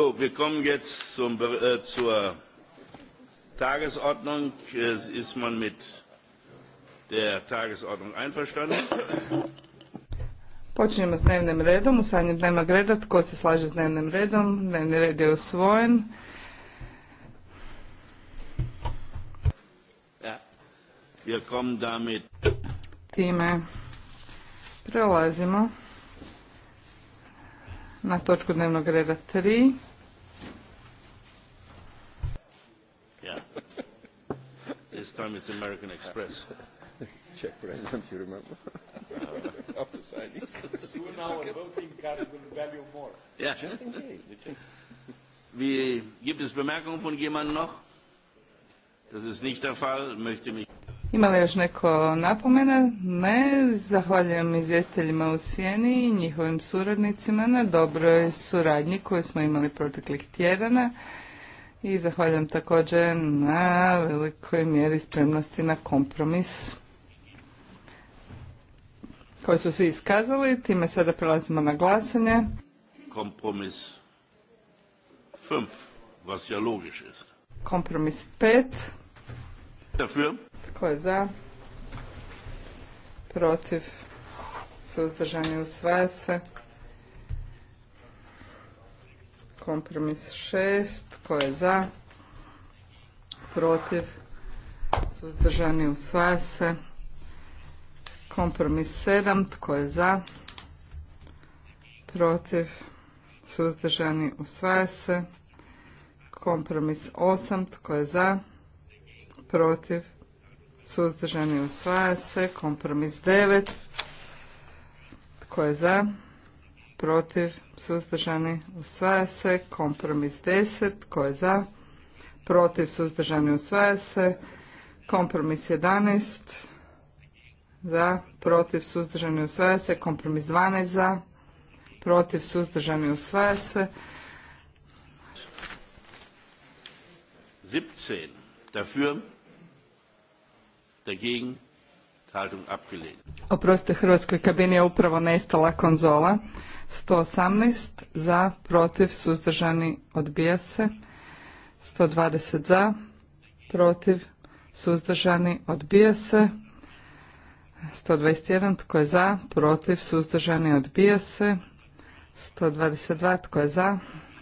So, wir kommen jetzt äh, zur Tagesordnung. ist man mit der Tagesordnung einverstanden? Počinjemo s dnevnim redom, usvajanje dnevna greda, tko se slaže s dnevnim redom, dnevni red je usvojen. Ja. Wir kommen damit. Time prelazimo na točku dnevnog reda 3. time it's American Express. Czech president, you remember? Uh, After signing. Soon our okay. voting card will value more. Yeah. Just in case. Wie, gibt es Bemerkungen von jemandem noch? Das ist nicht der Fall. Möchte mich ima li još neko napomena? Ne. Zahvaljujem izvjestiteljima u Sjeni i njihovim suradnicima na dobroj suradnji koju smo imali proteklih tjedana i zahvaljujem također na velikoj mjeri spremnosti na kompromis koji su svi iskazali. Time sada prelazimo na glasanje. Kompromis 5, was Kompromis 5. Tko je za? Protiv. i usvaja se. Kompromis 6. Tko je za? Protiv? Suzdržani usvaja se. Kompromis 7. Tko je za? Protiv? Suzdržani usvaja se. Kompromis 8. Tko je za? Protiv? Suzdržani usvaja se. Kompromis 9. Tko je za? protiv, suzdržani, usvaja se. Kompromis 10, tko je za, protiv, suzdržani, usvaja se. Kompromis 11, za, protiv, suzdržani, usvaja se. Kompromis 12, za, protiv, suzdržani, usvaja se. 17, dafür, dagegen, Oprostite, Hrvatskoj kabini je upravo nestala konzola. 118 za, protiv, suzdržani, odbija se. 120 za, protiv, suzdržani, odbija se. 121 tko je za, protiv, suzdržani, odbija se. 122 tko je za,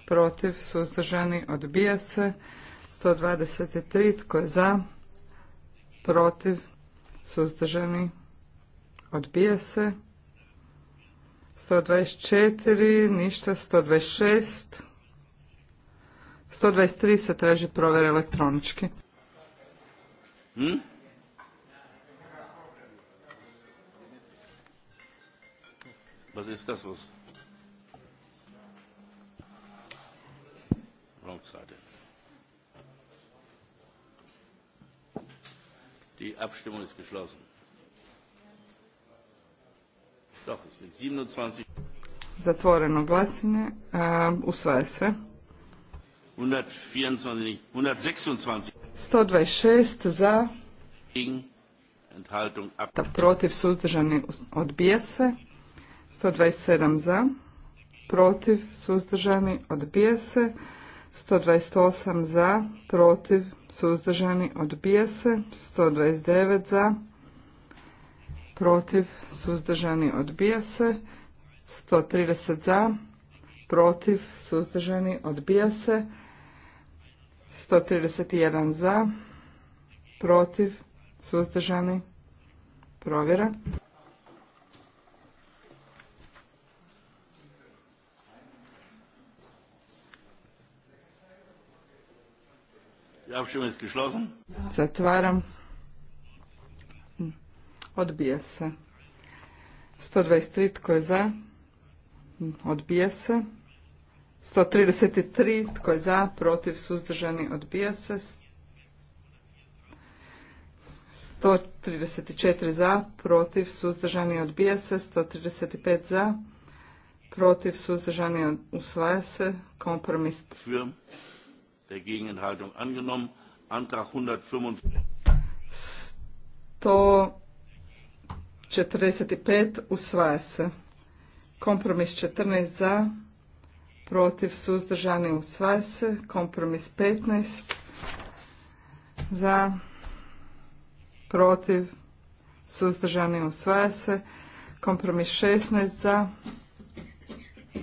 protiv, suzdržani, odbija se. 123 tko je za, protiv, suzdržani, odbija se. 124, ništa, 126. 123 se traži provjer elektronički. Hm? Was ist das was? Wrong side. Die Abstimmung ist geschlossen. Doch, es sind 27. Zatvoreno glasine, Uh, usvaja se. 124, 126. 126 za. Da protiv suzdržani odbija se. 127 za. Protiv suzdržani odbija se. 128 za, protiv, suzdržani, odbija se. 129 za, protiv, suzdržani, odbija se. 130 za, protiv, suzdržani, odbija se. 131 za, protiv, suzdržani, provjera. Zatvaram. Odbija se. 123 tko je za? Odbija se. 133 tko je za? Protiv suzdržani odbija se. 134 za, protiv suzdržani odbija se. 135 za, protiv suzdržani usvaja se. Kompromis der Gegenenthaltung angenommen. Antrag 145 usvaja se. Kompromis 14 za, protiv suzdržani usvaja se. Kompromis 15 za, protiv suzdržani usvaja se. Kompromis 16 za,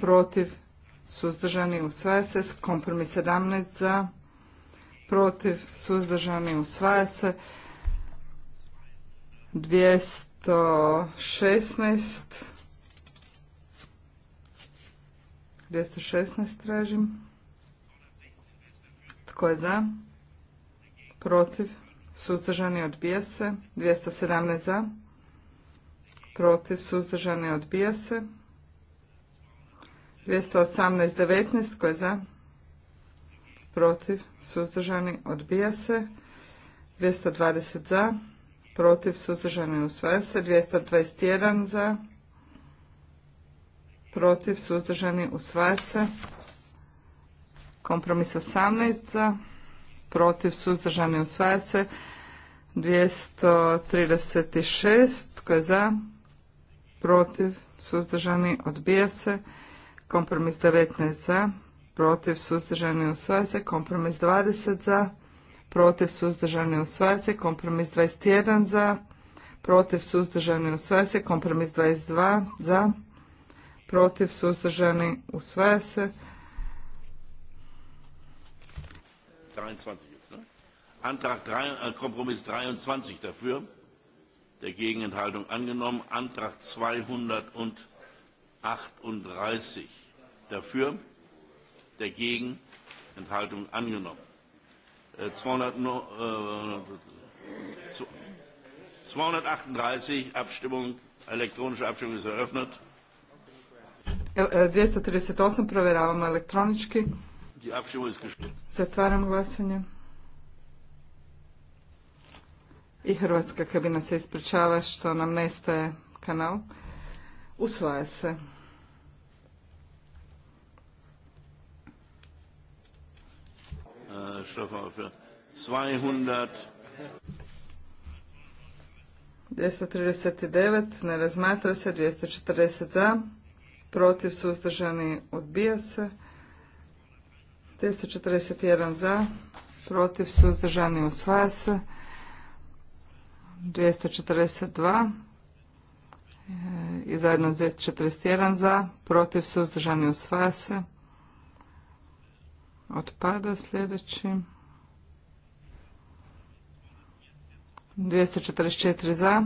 protiv suzdržani suzdržani, usvaja se. Kompromis 17 za, protiv, suzdržani, usvaja se. 216 216 tražim. Tko je za? Protiv? Suzdržani odbija se. 217 za. Protiv? Suzdržani odbija se. 218, 19, tko je za? Protiv, suzdržani, odbija se. 220 za, protiv, suzdržani, usvaja se. 221 za, protiv, suzdržani, usvaja se. Kompromis 18 za, protiv, suzdržani, usvaja se. 236, tko je za? Protiv, suzdržani, odbija se kompromis 19 za, protiv suzdržani u se, kompromis 20 za, protiv suzdržani u se, kompromis 21 za, protiv suzdržani u se, kompromis 22 za, protiv suzdržani u se. 23 Antrag 3, Kompromis 23 dafür, der Gegenenthaltung angenommen, Antrag 238 dafür, dagegen, Enthaltung angenommen. 238 äh, äh, Abstimmung, elektronische Abstimmung ist eröffnet. 238 e, provjeravamo elektronički. Zatvaram glasanje. I Hrvatska kabina se ispričava što nam nestaje kanal. Usvaja se. Herr 200. 239 ne razmatra se, 240 za, protiv suzdržani odbija se, 241 za, protiv suzdržani osvaja se, 242 e, i zajedno 241 za, protiv suzdržani osvaja se, Otpada sljedeći. 244 za.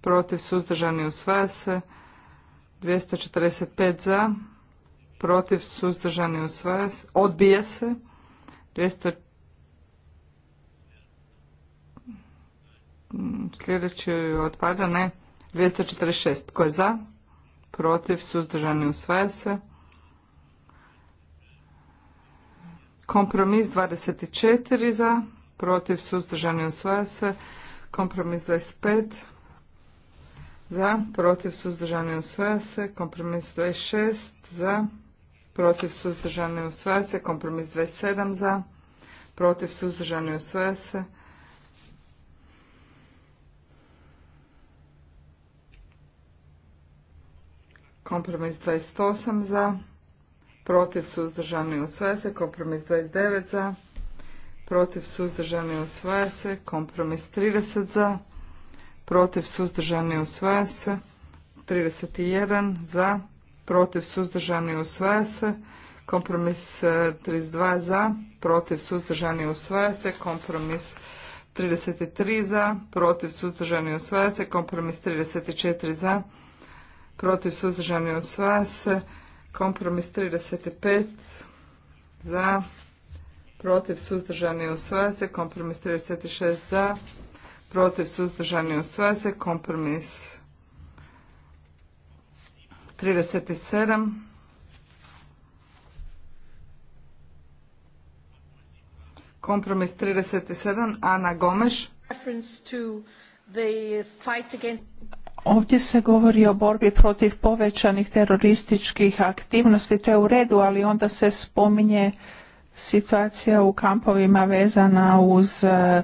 Protiv suzdržani usvaja se. 245 za. Protiv suzdržani usvaja se. Odbija se. 200... Sljedeći otpada, ne. 246. Tko je za? Protiv suzdržani usvaja se. Kompromis 24 za, protiv suzdržani usvaja se. Kompromis 25 za, protiv suzdržani usvaja se. Kompromis 26 za, protiv suzdržani usvaja se. Kompromis 27 za, protiv suzdržani usvaja se. Kompromis 28 za, protiv suzdržani usvaja se, kompromis 29 za, protiv suzdržani usvaja se, kompromis 30 za, protiv suzdržani usvaja se, 31 za, protiv suzdržani usvaja se, kompromis 32 e, za, protiv suzdržani usvaja se, kompromis 33 za, protiv suzdržani usvaja se, kompromis 34 za, protiv suzdržani usvaja se, Kompromis 35 za, protiv suzdržani usvaja se. Kompromis 36 za, protiv suzdržani usvaja se. Kompromis 37 Kompromis 37, Ana Gomeš. Ovdje se govori o borbi protiv povećanih terorističkih aktivnosti, to je u redu, ali onda se spominje situacija u kampovima vezana uz e,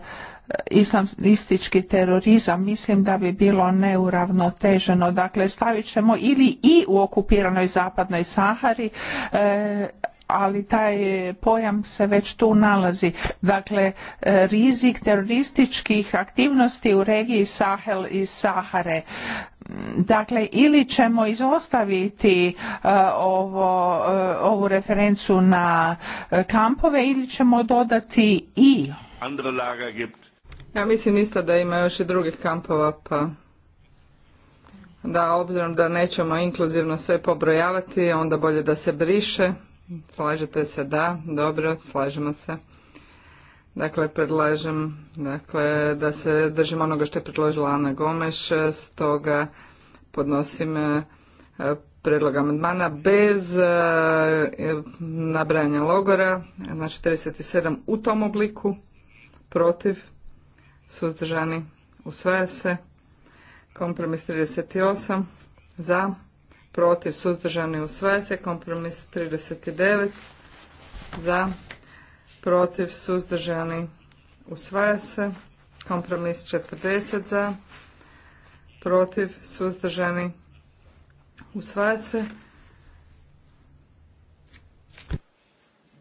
islamistički terorizam mislim da bi bilo neuravnoteženo. Dakle, stavit ćemo ili i u okupiranoj zapadnoj Sahari e, ali taj pojam se već tu nalazi. Dakle, e, rizik terorističkih aktivnosti u regiji Sahel i Sahare. Dakle, ili ćemo izostaviti e, ovo, e, ovu referencu na kampove ili ćemo dodati i. Ja mislim isto da ima još i drugih kampova, pa da obzirom da nećemo inkluzivno sve pobrojavati, onda bolje da se briše Slažete se da, dobro, slažemo se. Dakle, predlažem dakle, da se držimo onoga što je predložila Ana Gomeš, stoga podnosim e, predlog amandmana bez e, nabranja logora, znači 37 u tom obliku, protiv, suzdržani, usvaja se, kompromis 38, za, protiv, suzdržani, usvaja se. Kompromis 39 za, protiv, suzdržani, usvaja se. Kompromis 40 za, protiv, suzdržani, usvaja se.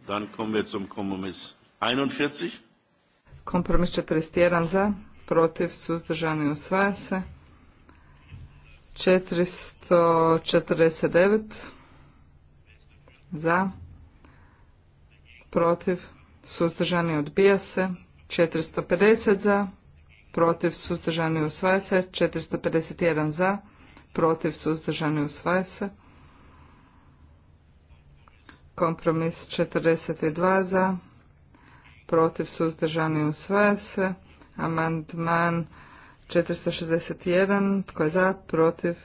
Dan kommen wir zum kompromis 41. Kompromis 41 za, protiv, suzdržani, usvaja se. 449 za, protiv, suzdržani odbija se, 450 za, protiv, suzdržani usvaja se, 451 za, protiv, suzdržani usvaja se, kompromis 42 za, protiv, suzdržani usvaja se, amandman 461. Tko je za? Protiv?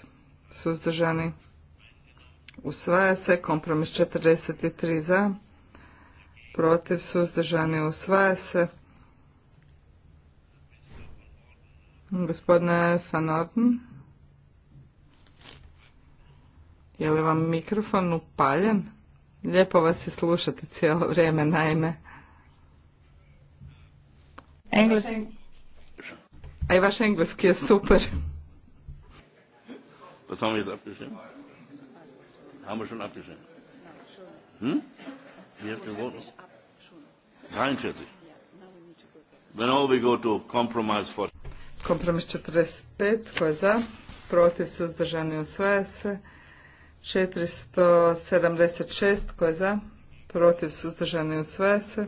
Suzdržani? Usvaja se. Kompromis 43 za. Protiv? Suzdržani? Usvaja se. Gospodine Van Orden, je li vam mikrofon upaljen? Lijepo vas je slušati cijelo vrijeme, naime. Engleski. Aj vaš engleski je super. Was haben wir jetzt abgeschrieben? Haben wir schon abgeschrieben? Hm? Wie habt ihr vote. 43. Then all we go to compromise for. Kompromis 45, ko je za, protiv uzdržani osvaja se. 476, ko je za, protiv uzdržani osvaja se.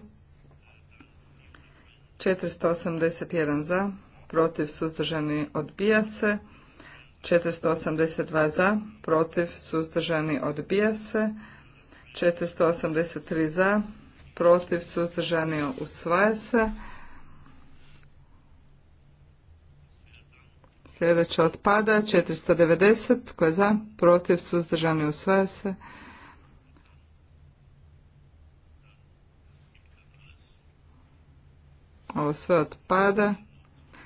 481 za, protiv, suzdržani, odbija se. 482 za, protiv, suzdržani, odbija se. 483 za, protiv, suzdržani, usvaja se. Sljedeća otpada, 490, koja je za, protiv, suzdržani, usvaja se. Ovo sve otpada.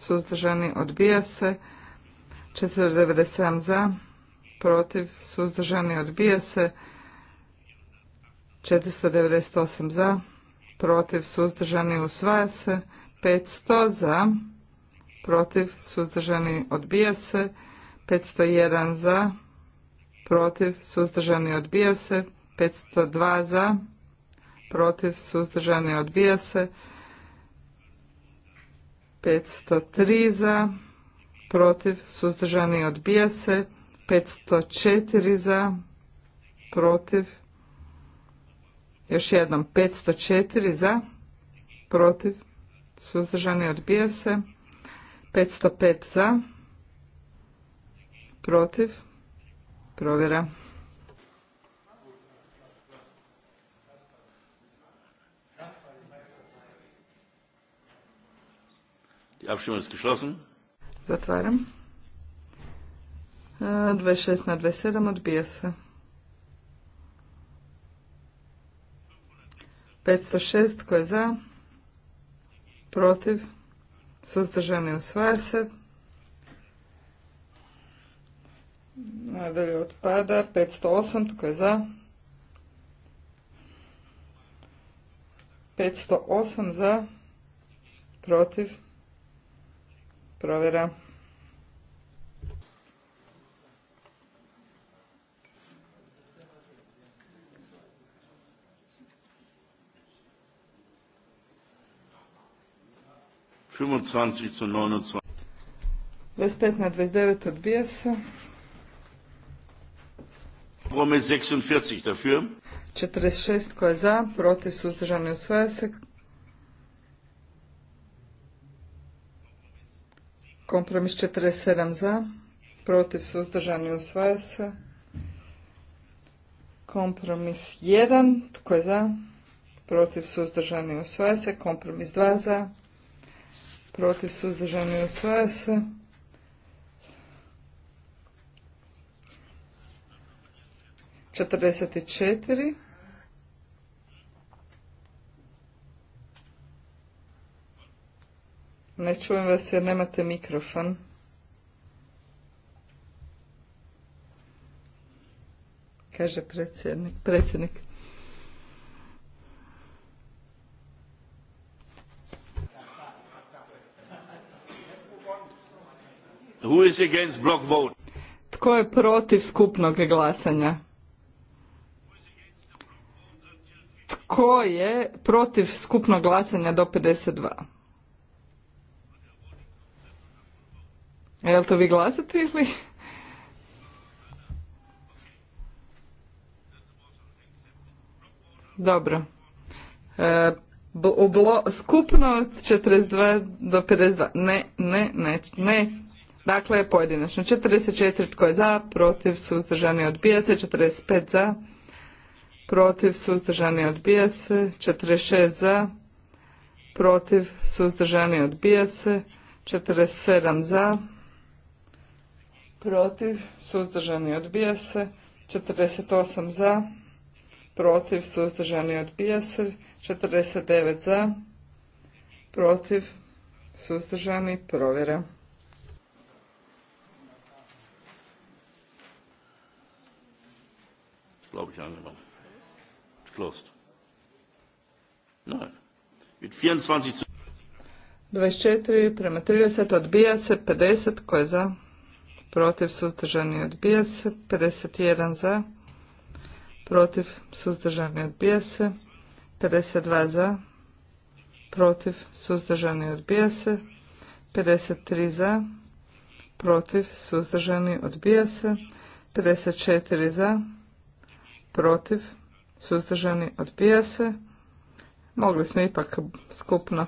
suzdržani, odbija se. 497 za, protiv, suzdržani, odbija se. 498 za, protiv, suzdržani, usvaja se. 500 za, protiv, suzdržani, odbija se. 501 za, protiv, suzdržani, odbija se. 502 za, protiv, suzdržani, odbija se. 503 za, protiv, suzdržani odbija se, 504 za, protiv, još jednom 504 za, protiv, suzdržani odbija se, 505 za, protiv, provjera. Die Abstimmung ist geschlossen. Zatvaram. 26 e, na 27 odbija se. 506 koje je za, protiv, suzdržani usvaja se. Nadalje odpada 508 tko je za, 508 za, protiv, provjera. Dvadeset pet na dvadeset devet odbija se 46 dafür. je za, protiv, suzdržani, usvaja se. Kompromis 47 za, protiv suzdržani usvaja se. Kompromis 1, tko je za, protiv suzdržani usvaja se. Kompromis 2 za, protiv suzdržani usvaja se. Četrdeset četiri Ne čujem vas jer nemate mikrofon. Kaže predsjednik. Predsjednik. Who Tko je protiv skupnog glasanja? Tko je protiv skupnog glasanja do 52? Jel to vi glasate ili? Dobro. E, u blo, skupno od 42 do 52. Ne, ne, ne, ne. Dakle, pojedinačno. 44 tko je za, protiv, suzdržani, odbija se. 45 za, protiv, suzdržani, odbija se. 46 za, protiv, suzdržani, odbija se. 47 za, protiv, suzdržani odbija se, 48 za, protiv, suzdržani odbija se, 49 za, protiv, suzdržani, provjera. Glaube ich angenommen. Closed. Nein. Mit 24 zu 24 prema 30 odbija se 50 koje za protiv, suzdržani, odbija se. 51 za, protiv, suzdržani, odbija se. 52 za, protiv, suzdržani, odbija se. 53 za, protiv, suzdržani, odbija se. 54 za, protiv, suzdržani, odbija se. Mogli smo ipak skupno.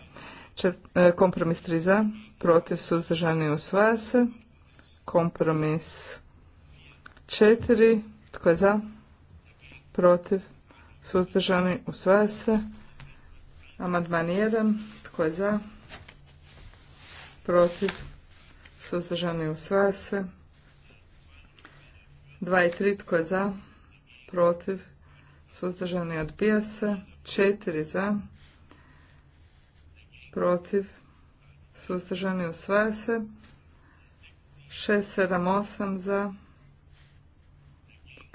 E, kompromis 3 za, protiv, suzdržani, usvaja se. Kompromis 4. Tko je za? Protiv? Suzdržani? Usvaja se. Amandman 1. Tko je za? Protiv? Suzdržani? Usvaja se. Dva i tri Tko je za? Protiv? Suzdržani? Odbija se. 4 za? Protiv? Suzdržani? Usvaja se. 678 za,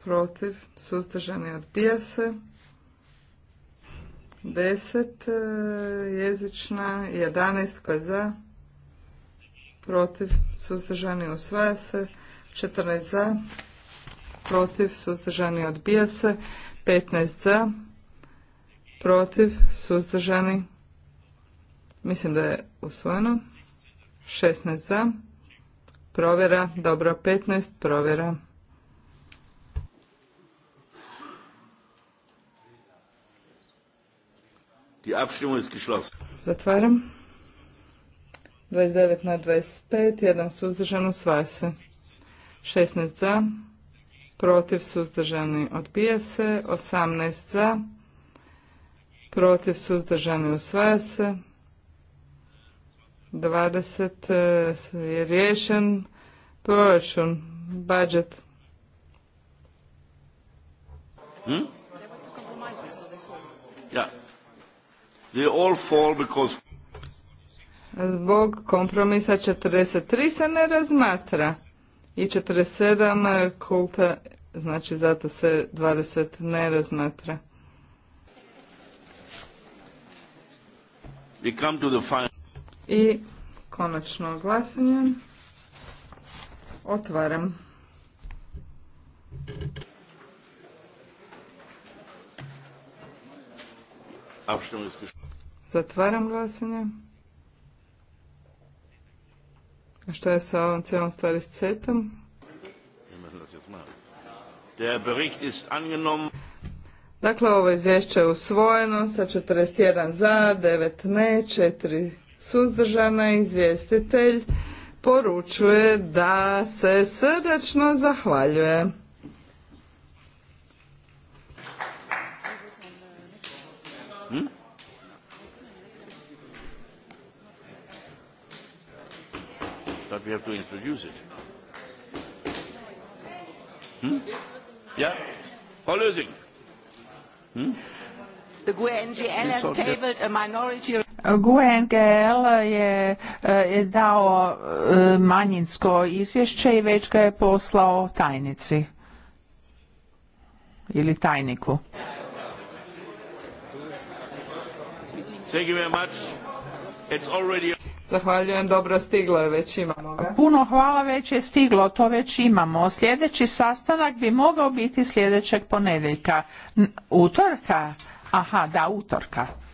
protiv, suzdržani odbija se. 10 e, jezična, 11 koja je za, protiv, suzdržani usvaja se, 14 za, protiv, suzdržani odbija se, 15 za, protiv, suzdržani, mislim da je usvojeno, 16 za, Provjera, dobro, 15, provjera. Die Abstimmung ist geschlossen. Zatvaram. 29 na 25, jedan suzdržan usvaja se. 16 za, protiv suzdržani odbija se, 18 za, protiv suzdržani usvaja se, 20 eh, je riješen proračun, budžet. Hmm? Yeah. They all fall because... Zbog kompromisa 43 se ne razmatra i 47 eh, kulta, znači zato se 20 ne razmatra. We come to the final. I konačno glasanje. Otvaram. Zatvaram glasanje. A što je sa ovom cijelom stvari s cet Dakle, ovo izvješće je usvojeno sa 41 za, 9 ne, 4 suzdržana izvjestitelj poručuje da se srdačno zahvaljuje. Hmm? But we have to introduce it. Ja, hmm? Frau Lösing. Hmm? The GUE NGL has tabled a minority GUNGL je, je dao e, manjinsko izvješće i već ga je poslao tajnici ili tajniku. Zahvaljujem, dobro stiglo je, već imamo Puno hvala, već je stiglo, to već imamo. Sljedeći sastanak bi mogao biti sljedećeg ponedjeljka. Utorka? Aha, da, utorka.